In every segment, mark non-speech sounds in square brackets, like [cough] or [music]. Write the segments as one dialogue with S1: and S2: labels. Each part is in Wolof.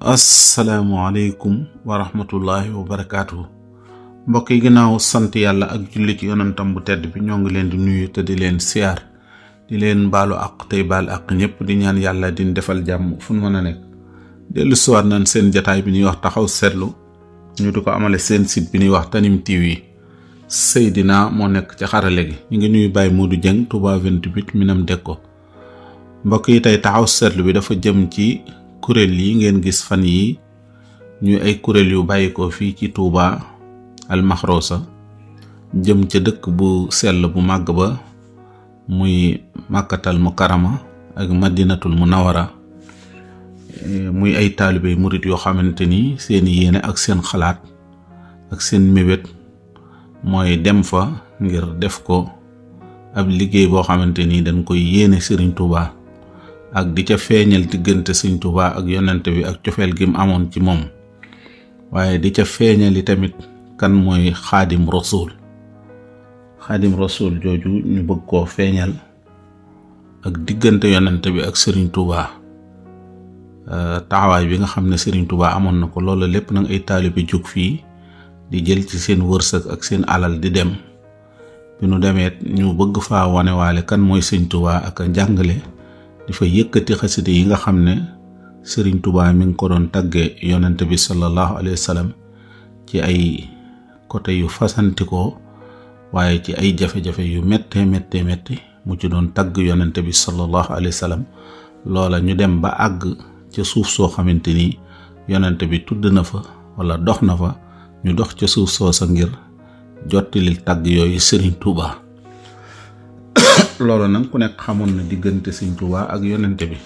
S1: asalaamualeykum wa rahmatullahi wa barakaatu. mbokk yi ginnaaw sant yàlla ak julli ci yonantam bu tedd bi ñoo ngi leen di nuyu te di leen siyaar di leen baalu àq tey baal àq ñëpp di ñaan yàlla di defal jàmm fu mën a nekk. dellu siwaat nañ seen jataay bi ñuy wax taxaw seetlu ñu di ko amale seen sit bi ñuy wax Tanime TV Seydina moo nekk ci xarale gi ñu ngi nuyu Baye Modou Dieng Touba 28 Minam Dekko mbokk yi tey taxaw seetlu bi dafa jëm ci. kuréel yi ngeen gis fan yi ñuy ay kuréel yu bàyyi ko fii ci Touba almaxrosa jëm ca dëkk bu sell bu màgg ba muy màkkatal karama ak madinatul munawara muy ay taalibe murit yoo xamante ni seen yéene ak seen xalaat ak seen mébét mooy dem fa ngir def ko ab liggéey boo xamante ni dañ koy yéene Serigne Touba ak di ca feeñal diggante sëñ Tuubaa ak yonent bi ak cofeel gi mu amoon ci moom waaye di ca feeñali tamit kan mooy xaadim rasul xaadim rasul jooju ñu bëgg koo feeñal ak diggante yonent bi ak sëriñ Tuubaa euh, taxawaay bi nga xam ne sëriñ Tuubaa amoon na ko loolu lépp nag ay bi jóg fii di jël ci seen wërsëg ak seen alal di dem bi nu demee ñu bëgg faa wanewaale kan mooy sëñ Tuubaa ak njàngale di fa yëkkati xasida yi nga xam ne sëriñ tubaa mi ngi ko doon tagge yonent bi sallallahu alayhi wa sallam ci ay côté yu fasantikoo waaye ci ay jafe-jafe yu métte métte métti mu ci doon tagg yonent bi sallallahu alayhi wa sallam loola ñu dem ba àgg ca suuf soo xamante ni yonent bi tudd na fa wala dox na fa ñu dox ca suuf soo sa ngir jottali tàgg yooyu sëriñ tubaa loolu nag ku nekk xamoon na diggante sëñ Tuubaa ak yonent bi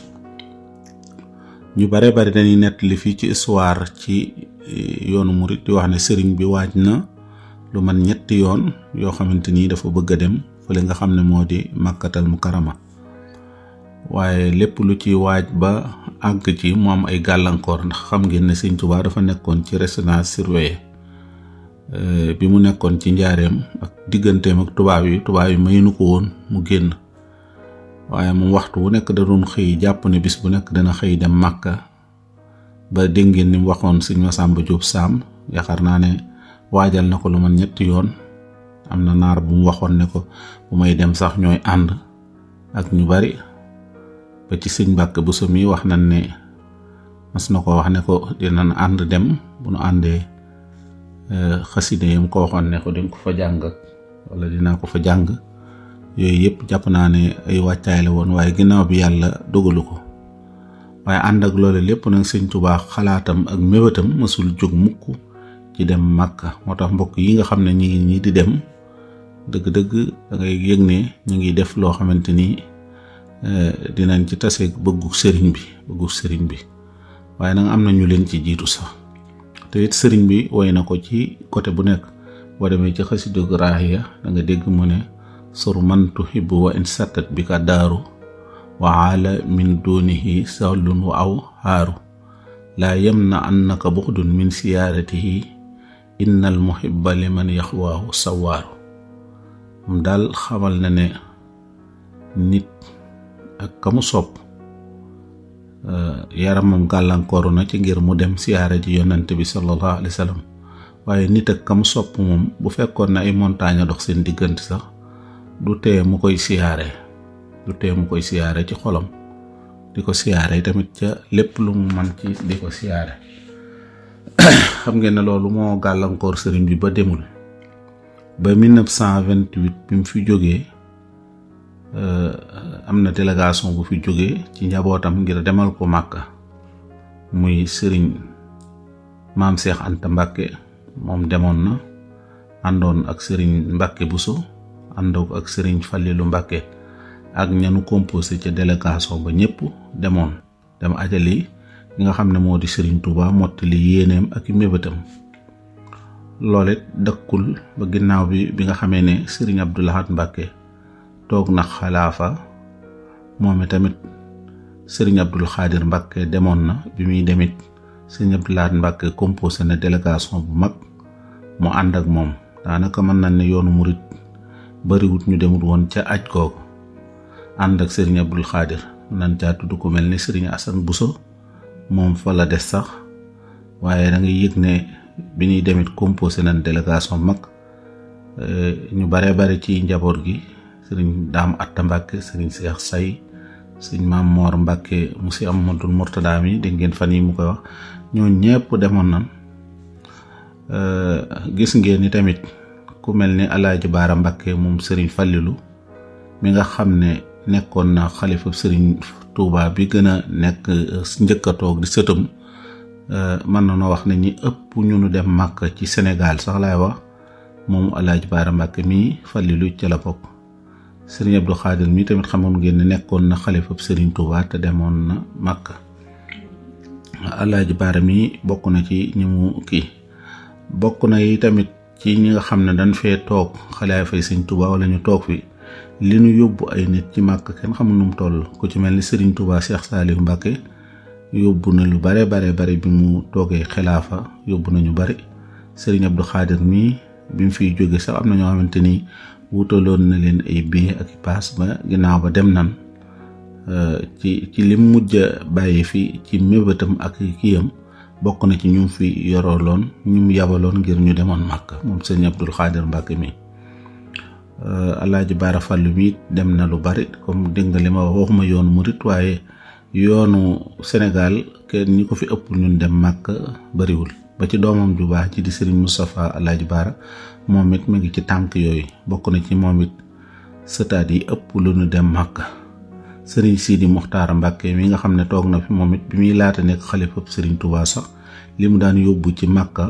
S1: ñu bare bari dañuy li fii ci histoire ci eh, yoonu murit di wax ne sëriñ bi waaj na lu man ñetti yoon yoo xamante ni dafa bëgg a dem fële nga xam ne moo di màkkatal mu karama waaye lépp lu ci waaj ba àgg ci mu am ay gàllankoor ndax xam ngeen ne sëñ Tuubaa dafa nekkoon ci résidence surveillée Eh, bi mu nekkoon ci njaareem ak digganteem ak tubaab yi tubaab yi mayuñu ko woon mu génn waaye moom waxtu wu nekk da doon xëy jàpp ne bis bu nekk dana xëy dem màkka ba dégg ngeen ni mu waxoon sëñ Masamba Diop Sam yaakaar naa ne waajal na ko lu man ñetti yoon am na naar bu mu waxoon ne ko bu may dem sax ñooy ànd ak ñu bari ba ci sëñ mbàkk bu somi wax na ne mas na ko wax ne ko dinañ ànd dem bu nu àndee xaside yam ko waxoon ne ko di ko fa jàng wala dinaa ko fa jàng yooyu yëpp jàpp naa ne ay wàccaay la woon waaye ginnaaw bi yàlla dogalu ko waaye ànd ak loolu lépp nag sëñ Tuubaa xalaatam ak mébétam mësul jóg mukk ci dem Màkka moo tax mbokk yi nga xam ne ñi ñi di dem dëgg-dëgg da ngay yëg ne ñu ngi def loo xamante ni eh, dinañ ci tase bëggu sëriñ bi bëggu sëriñ bi waaye nag am na ñu leen ci jiitu sax te it sëriñ bi woy na ko ci côté bu nekk boo demee ci xasidu raahiya da nga dégg mu ne sur man tuhibbu wa in sattat bi ka daaru wa aala min dunihi sahlun wa aw haaru laa yamna annaka buxdun min siyaaratihi innal muhibba liman yaxwaahu sawaaru moom daal xamal na ne nit ak kamu sopp Eh, yaramam gàllankoor na ci ngir mu dem siyaare ji yonent bi sallallahu alayhi wa waaye nit ak kam sopp moom bu fekkoon na ay montagne dox seen diggante sax du tee mu koy siyaare du tee mu koy siyaare ci xolom di ko siyaare tamit ca lépp lu mu man ci di ko siyaare [coughs] xam ngeen ne loolu moo gàllankoor sëriñ bi ba demul ba 1928 bi mu fi jógee am na délégation bu fi jóge ci njabootam ngir demal ko màkk muy sëriñ maam Cheikh Anta Mbàkke moom demoon na àndoon ak sëriñ Mbàkke Buso àndoon ak sëriñ Falilu Mbàkke ak ñanu composé ca délégation ba ñëpp demoon dem ajali ki nga xam ne moo di sëriñ Tuuba mottali yéeneem ak i mébétam loole dëkkul ba ginnaaw bi bi nga xamee ne sëriñ Abdou Lahad Mbàkke toog na xalaafa moom tamit sëriñ Abdul Xaadir Mbàkke demoon na bi muy demit sëriñ Abdul Ahad Mbàkke composé na délégation bu mag mu ànd ak moom daanaka mën na ne yoonu murit bariwut ñu demut woon ca aj googu ànd ak sëriñ Abdul Xaadir nan caa tudd ku mel ni sëriñ Asan Buso moom fa la des sax waaye da ngay yëg ne bi ñuy demit composé na délégation bu mag ñu bare bare ci njaboot gi sëriñ daam atta mbàkke sëriñ seex say sëriñ maam moor mbàkke mu si amatul murtadaa mi dégg ngeen fan yi mu koy wax ñoo ñëpp demoon nan euh, gis ngeen ni tamit ku mel ni alaaji baara mbàkke moom sëriñ fàllilu mi nga xam ne nekkoon na xalifa sëriñ tuubaa bi gën a nekk euh, njëkk a toog di sëtam euh, mën na noo wax na ñi ëpp ñu nu dem màkk ci senegal sax laay wax moom alaaji baara mbàkke mii fàllilu ca la bokk sëriñ Abdou Khadir mi tamit xamoon ngeen ne nekkoon na xalifab sëriñ Touba te demoon na Makka Alaaji Baara mii bokk na ci ñi mu kii bokk na yi tamit ci ñi nga xam ne dañ fee toog xalifaay sëriñ Touba wala ñu toog fi li ñu yóbbu ay nit ci Makka kenn xamul nu mu toll ku ci mel ni sëriñ Touba Cheikh Saliou Mbacké yóbbu na lu bare bare bare bi mu toogee xilaafa yóbbu na ñu bari sëriñ du Khadir mii bi mu fiy jóge sax am na ñoo xamante ni wutaloon na leen ay billet ak paas ba ginnaaw ba dem nan euh, ci ci lim mujj bàyyi fi ci mébétam ak kiyam bokk na ci ñu fi yorooloon ñu mu yabaloon ngir ñu demoon màkk moom sëñ Abdul Xaadir Mbàkke mi euh, alaaji Baara bi mi dem na lu bari comme dégg nga li ma waxuma yoonu murit waaye yoonu Sénégal kenn ñi ko fi ëpp ñun dem màkk bariwul ba ci doomam ju baax ji di sëriñ Moustapha Alaaji Baara moom it mi ngi ci tànk yooyu bokk na ci moom it sëtaat yi ëpp lu nu dem Màkka sëriñ Sidi Muxtaar Mbàkke mi nga xam ne toog na fi moom it bi muy laata nekk xalifab sëriñ Tuubaa sax li mu daan yóbbu ci Màkka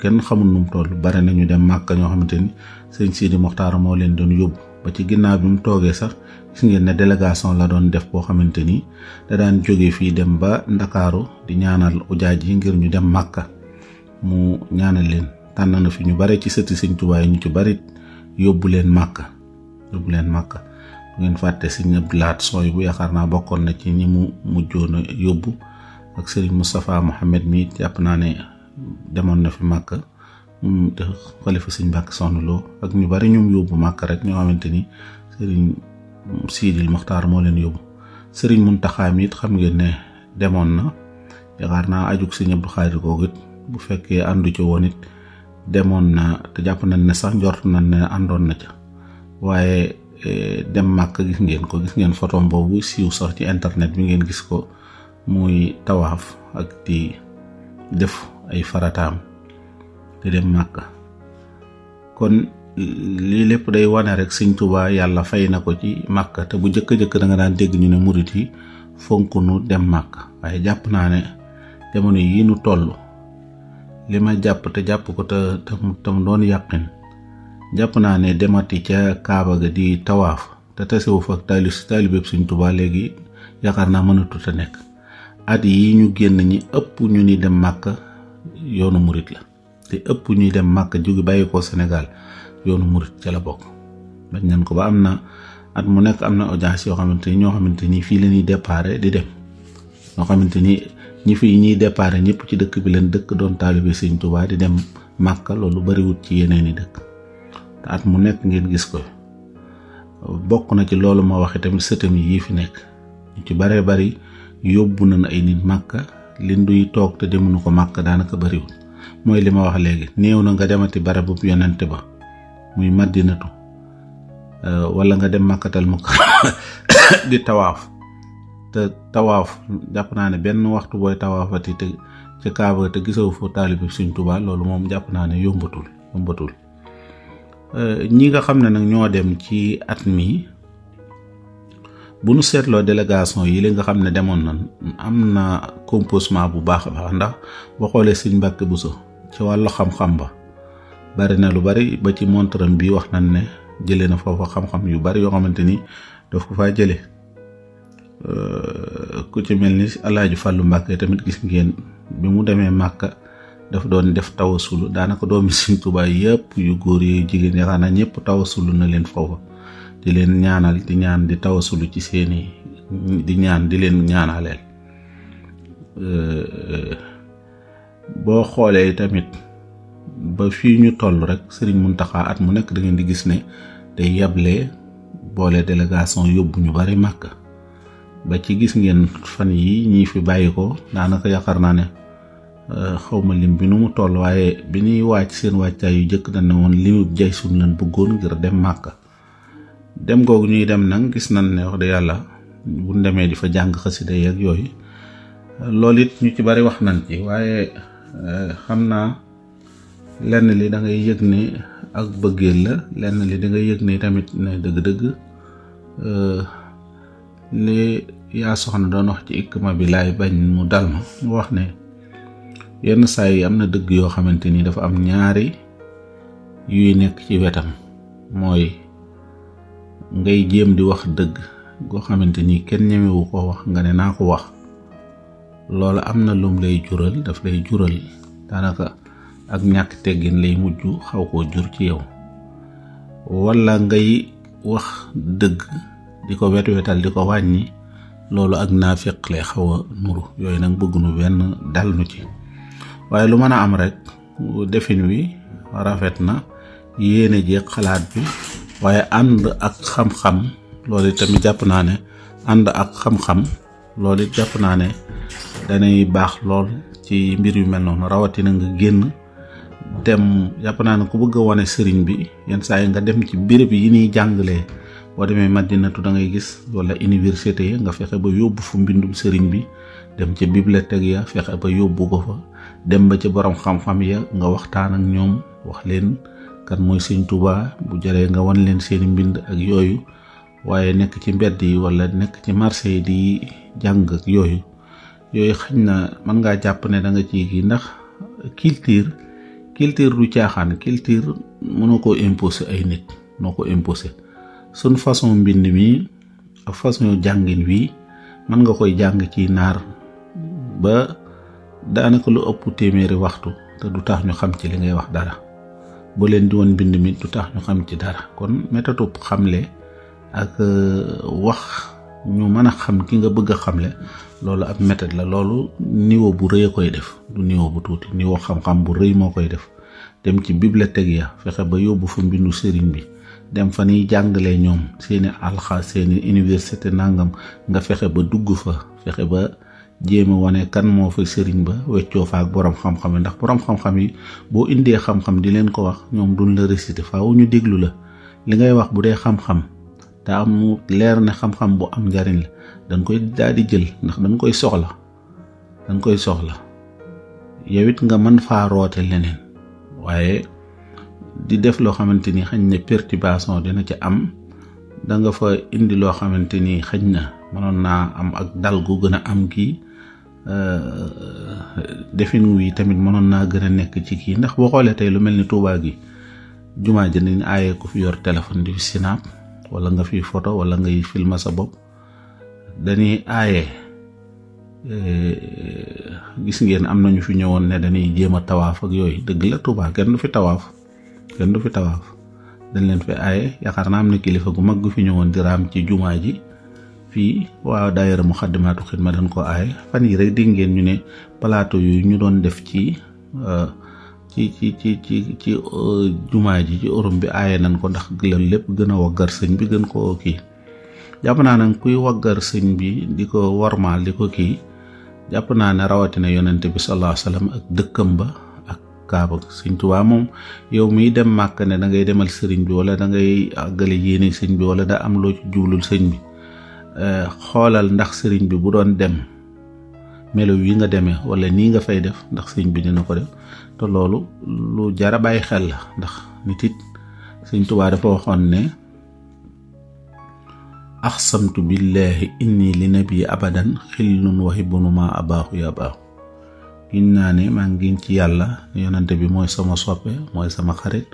S1: kenn xamul nu mu toll bare na ñu dem Màkka ñoo xamante ni sëriñ Sidi Muxtaar moo leen doon yóbbu ba ci ginnaaw bi mu toogee sax gis ngeen ne délégation la doon def boo xamante ni da daan jóge fii dem ba Ndakaaru di ñaanal ujaaj yi ngir ñu dem Màkka mu ñaanal leen tànn na fi ñu bare ci sëti sëñ Tuubaa ñu ci bari yóbbu leen màkk yóbbu leen màkk ngeen fàtte sëñ Abdou Lahad sooy bu yaakaar naa bokkoon na ci ñi mu mujjoon a yóbbu ak sëriñ mustafaa Mohamed mi jàpp naa ne demoon na fi màkk moom te xalifa sëñ ak ñu bari ñoom màkk rek ñoo xamante ni sëriñ Siidil Moxtaar moo leen yóbbu sëriñ mun mi it xam ngeen ne demoon na yaakaar naa ajug sëñ Abdou Xaadir googu it bu fekkee àndu ci woon it demoon na te jàpp nañ ne sax njort nañ ne àndoon na ca waaye e, dem màkk gis ngeen ko gis ngeen photo boobu siiw sax ci internet bi ngeen gis ko muy tawaaf ak di def ay farataam di dem màkk kon lii lépp day wane rek sëñ Tuubaa yàlla fay na ko ci màkk te bu jëkk-jëkk da nga daan dégg ñu ne murit yi fonk nu dem màkk waaye jàpp naa ne jamono yi nu toll li ma jàpp te jàpp ko te tam doon yàqin jàpp naa ne demati ca Kaaba ga di tawaaf te tasewu fa ak taalis taalibeb Sëñ Tuubaa léegi yaakaar naa mënatu te nekk at yi ñu génn ñi ëpp ñu ni dem màkk yoonu murit la te ëpp ñuy dem màkk jóge bàyyi ko Sénégal yoonu murit ca la bokk bañ nañ ko ba am na at mu nekk am na audience yoo xamante ni ñoo xamante ni fii lañuy ñuy di dem ñoo xamante ni ñi fi ñiy départ ñëpp ci dëkk bi leen dëkk doon taalibe sëñ Tuubaa di dem Màkka loolu bariwut ci yeneen i dëkk te at mu nekk ngeen gis ko bokk na ci loolu ma wax tamit sëtam yi fi nekk ñu ci baree bari yóbbu nañ ay nit Màkka liñ duy toog te demuñu ko Màkka daanaka bariwul mooy li ma wax léegi néew na nga demati barab bu yonente ba muy Madinatu wala nga dem Màkkatal mu [coughs] di tawaaf te tawaaf jàpp naa ne benn waxtu booy tawaafati te ca Kaaba te gisoo fa taalibi Sëriñ Tuubaa loolu moom jàpp naa ne yombatul euh, ñi nga xam ne nag ñoo dem ci at mii bu nu seetloo délégation yi li nga xam ne demoon na am na composement bu baax a baax ndax boo xoolee Sëriñ bu Buso ci wàllu xam-xam ba bari na lu bari ba ci montaram bi wax nañ ne jële na foofu xam-xam yu bari yoo xamante ni daf ko faa jëlee. Euh, ku ci mel ni Alaaji Fàllu Mbàkke tamit gis ngeen bi mu demee Màkka dafa doon def tawasulu daanaka doomi Sëñ Tuubaa yëpp yu góor yu jigéen yaakaar naa ñëpp tawasulu na leen foofa di leen ñaanal di ñaan di tawasulu ci seeni di ñaan di leen ñaanaleel euh, boo xoolee tamit ba fii ñu toll rek Sëriñ mun Muntaxa at mu nekk dangeen di gis ne day yable boole délégation yóbbu ñu bari Màkka ba ci gis ngeen fan yi ñii fi bàyyi ko daanaka yaakaar naa ne euh, xawma lim bi nu mu toll waaye bi ñuy wàcc seen wàccaay yu jëkk dañ ne woon limub jay suñ lan bëggoon ngir dem màkk dem googu ñuy dem nag gis nañ ne wax dëgg yàlla buñ demee di fa jàng xasida yeeg yooyu loolu it ñu ci bari wax nañ ci waaye euh, xam naa lenn li dangay ngay yëg ne ak bëggeel la lenn li da ngay yëg ne tamit ne dëgg-dëgg euh, li yaa soxna doon wax ci ikma bi laay bañ mu dal ma mu wax ne yenn saa yi am na dëgg yoo xamante nii dafa am ñaari yuy nekk ci wetam mooy ngay jéem di wax dëgg goo xamante ni kenn ñemewu ko wax nga ne naa ko wax loolu am na lum lay jural daf lay jural daanaka ak ñàkk teggin lay mujj xaw koo jur ci yow walla ngay wax dëgg di ko wetu wetal di ko wàññi loolu ak naa féqle xaw a nuru yooyu nag bëggunu benn dal nu ci waaye lu mën a am rek defin wi rafet na yéene ji xalaat bi waaye ànd ak xam-xam loolu tamit jàpp naa ne ànd ak xam-xam loolu naa ne danay baax lool ci mbir yu mel noonu rawatina nga génn dem jàpp naa ne ku bëgg a wane sëriñ bi yenn saa yi nga dem ci béréb yi ñuy jàngalee boo demee madinatu da ngay gis wala université ya nga fexe ba yóbbu fu mbindu sëriñ bi dem ca bibliothèque ya fexe ba yóbbu ko fa dem ba ca borom xam-xam ya nga waxtaan ak ñoom wax leen kan mooy sëñ Tuubaa bu jaree nga wan leen seeni mbind ak yooyu waaye nekk ci mbedd yi wala nekk ci marché yi di jàng ak yooyu yooyu xañ na mën ngaa jàpp ne da nga ci kii ndax culture culture du caaxaan culture mënoo ko imposer ay nit noo ko imposer sun façon mbind mi ak façon jàngin wi mën nga koy jàng ci naar ba daanaka lu ëpp téeméeri waxtu te du tax ñu xam ci li ngay wax dara bu leen di woon mbind mi du tax ñu xam ci dara kon métatub xamle ak euh, wax ñu mën a xam ki nga bëgg a xamle loolu ab méthode la loolu niveau bu rëy a koy def du niveau bu tuuti niveau xam-xam bu rëy moo koy def dem ci bibliothèque ya fexe ba yóbbu fa mbindu sëriñ bi dem fa niy jàngale ñoom seeni alxa seeni université nangam nga fexe ba dugg fa fexe ba jéem a wane kan moo fa sëriñ ba weccoo fa ak borom xam-xam yi ndax boroom xam-xam yi boo indee xam-xam di leen ko wax ñoom duñ la récité faaw ñu déglu la li ngay wax bu dee xam-xam daa mu leer ne xam-xam bu am njariñ la dañ koy daal jël ndax dañ koy soxla dañ koy soxla yow it nga mën faa roote leneen waaye di def loo xamante ni xañ na perturbation dina ci am da nga fa indi loo xamante ni xañ na mënoon naa am ak dal gu gën a am kii euh, defin wi tamit mënoon naa gën a nekk ci kii ndax boo xoolee tey lu mel ni Tuubaa gi jumaa ji nañ aaye ku fi yor téléphone di fi sinaab wala nga fi photo wala ngay filma sa bopp dañuy aaye euh, gis ngeen am nañu fi ñëwoon ne dañuy jéem a tawaaf ak yooyu dëgg la Tuubaa kenn du fi tawaaf kenn du fi tawaaf dañ leen fi aaye yaakaar naa am na kilifa gu mag gu fi ñëwoon di ci jumaa ji fii waaw daayira Muxaddamatul Xidma dañ ko aaye fan yi rek dégg ngeen ñu ne palaato yu ñu doon def euh, ci ci ci ci ci ci euh, jumaa ji ci orom bi aaye nañ ko ndax lépp gën a waggar sëñ bi gën koo kii jàpp naa nag kuy waggar sëñ bi di ko warmaal di ko kii jàpp naa ne rawatina yonent bi sallallahu alayhi ak dëkkam ba kaaba sëñ tubaa moom yow miy dem màkk ne da ngay demal sëriñ bi wala da ngay àggale yéene sëñ bi wala da am loo ci jublul sëñ bi eh, xoolal ndax sëriñ bi bu doon dem melo yi nga demee wala nii nga fay def ndax sëñ bi dina ko def te loolu lu jara bàyyi xel la ndax nit it sëñ tubaa dafa waxoon ne axsamtu billahi inni li nabi abadan xillun waxi bunu ma abaaxu ya abaaxu giñ naa ne maa ngi ci yàlla yonante bi mooy sama soppe mooy sama xarit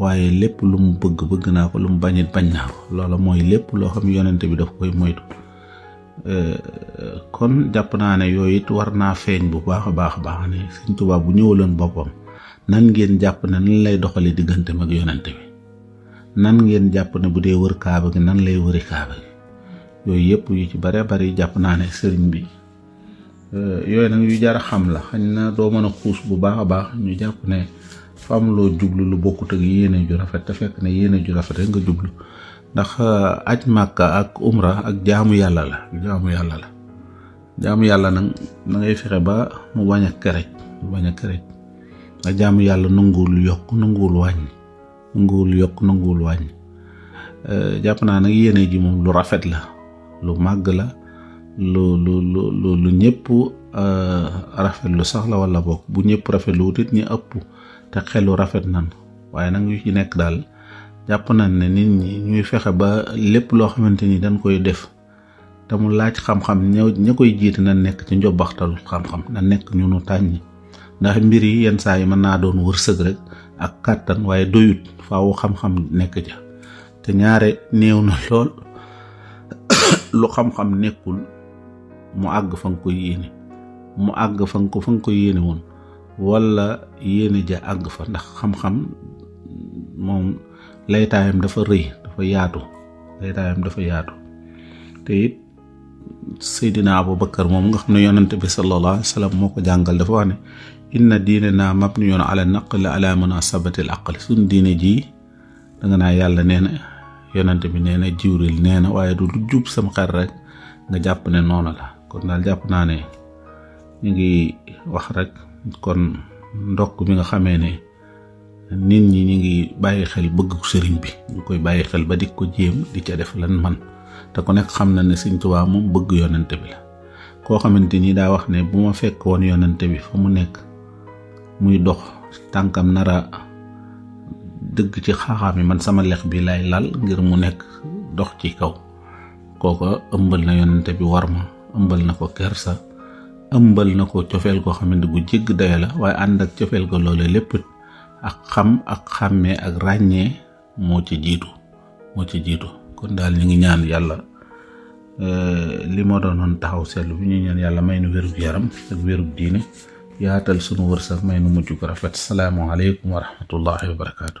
S1: waaye lépp lu mu bëgg bëgg naa ko lu mu bañit bañ naa ko loola mooy lépp loo xam yonante bi dafa koy moytu kon jàpp naa ne yooyu it war naa feeñ bu baax a baax baax ne Sëñ Tuubaa bu ñëwaloon boppam nan ngeen jàpp ne nan lay doxalee diggante mag yonante bi nan ngeen jàpp ne bu dee wër kaaba gi nan lay wëri kaaba gi yooyu yëpp yu ci bare bari jàpp naa ne sëriñ bi Euh, yooyu nag yu jar a xam la xañ na doo mën a xuus bu baax a baax ñu jàpp ne fa am loo jublu lu bokkut ak yéene ju rafet te fekk ne yéene ju rafet rek nga jublu ndax euh, aj màkk ak umra ak jaamu yàlla la jaamu yàlla la jaamu yàlla nag da ngay fexe ba mu bañ a kerej mu bañ yàlla nanguwul yokk nanguwul wàññi nanguwul yokk nanguwul wàññi euh, jàpp naa nag yéene ji moom lu rafet la lu màgg la lu lu lu lu ñëpp euh, lu sax la wala bokk bu ñëpp rafetlu wut it ñi ëpp te xelu rafet na waaye nag yu ci nekk daal jàpp nañ ne nit ñi ñuy fexe ba lépp loo xamante ni dañ koy def te mu laaj xam-xam ñëw ña koy jiite na nekk ci njobbaxtalu xam na nekk ñu nu tàññi ndax mbir yi yenn saa mën naa doon wërsëg rek ak kàttan waaye doyut faawu xam-xam nekk ja ñaare néew na lool [coughs] lu xam-xam nekkul mu àgg fa nga ko yéene àgg fa ko fa nga ko yéene woon wala yéene ja àgg fa ndax xam-xam moom laytaayam dafa rëy dafa yaatu laytaayam dafa yaatu te it Seydina Abubakar moom nga xam ne yonante bi sallallahu alayhi wa sallam moo ko jàngal dafa wax ne inna diine naa mabniyun ala alaa mën a al aqli suñ diine jii danga naa yàlla nee na yonante bi nee na jiwril nee na waaye du lu jub sam xel rek nga jàpp ne noonu la kon daal jàpp naa ne ñu ngi wax rek kon ndokk bi nga xamee ne nit ñi ñu ngi bàyyi xel bëgg sëriñ bi ñu koy bàyyi xel ba di ko jéem di ca def lan man te ku nekk xam na ne Sëriñ Tuubaa moom bëgg yonente bi la koo xamante ni daa wax ne bu ma fekk bi fa mu nekk muy dox tànkam nara dëgg ci xaaxaam yi man sama lex bi lay lal ngir mu nekk dox ci kaw kooko ëmbal na yonente bi war ma ëmbal na ko kersa ëmbal na ko cofeel goo xamante gu jégg dayo la waaye ànd ak cofeel ko loole lépp ak xam ak xàmmee ak ràññee moo ci jiitu moo ci jiitu kon daal ñu ngi ñaan yàlla eh, li ma doonoon taxaw seetlu bi ñu ñaan yàlla may nu wérug yaram ak wérug diine yaatal sunu wër wërsëg may nu mujj ko rafet salaamaaleykum wa rahmatullahi wa barakaatu.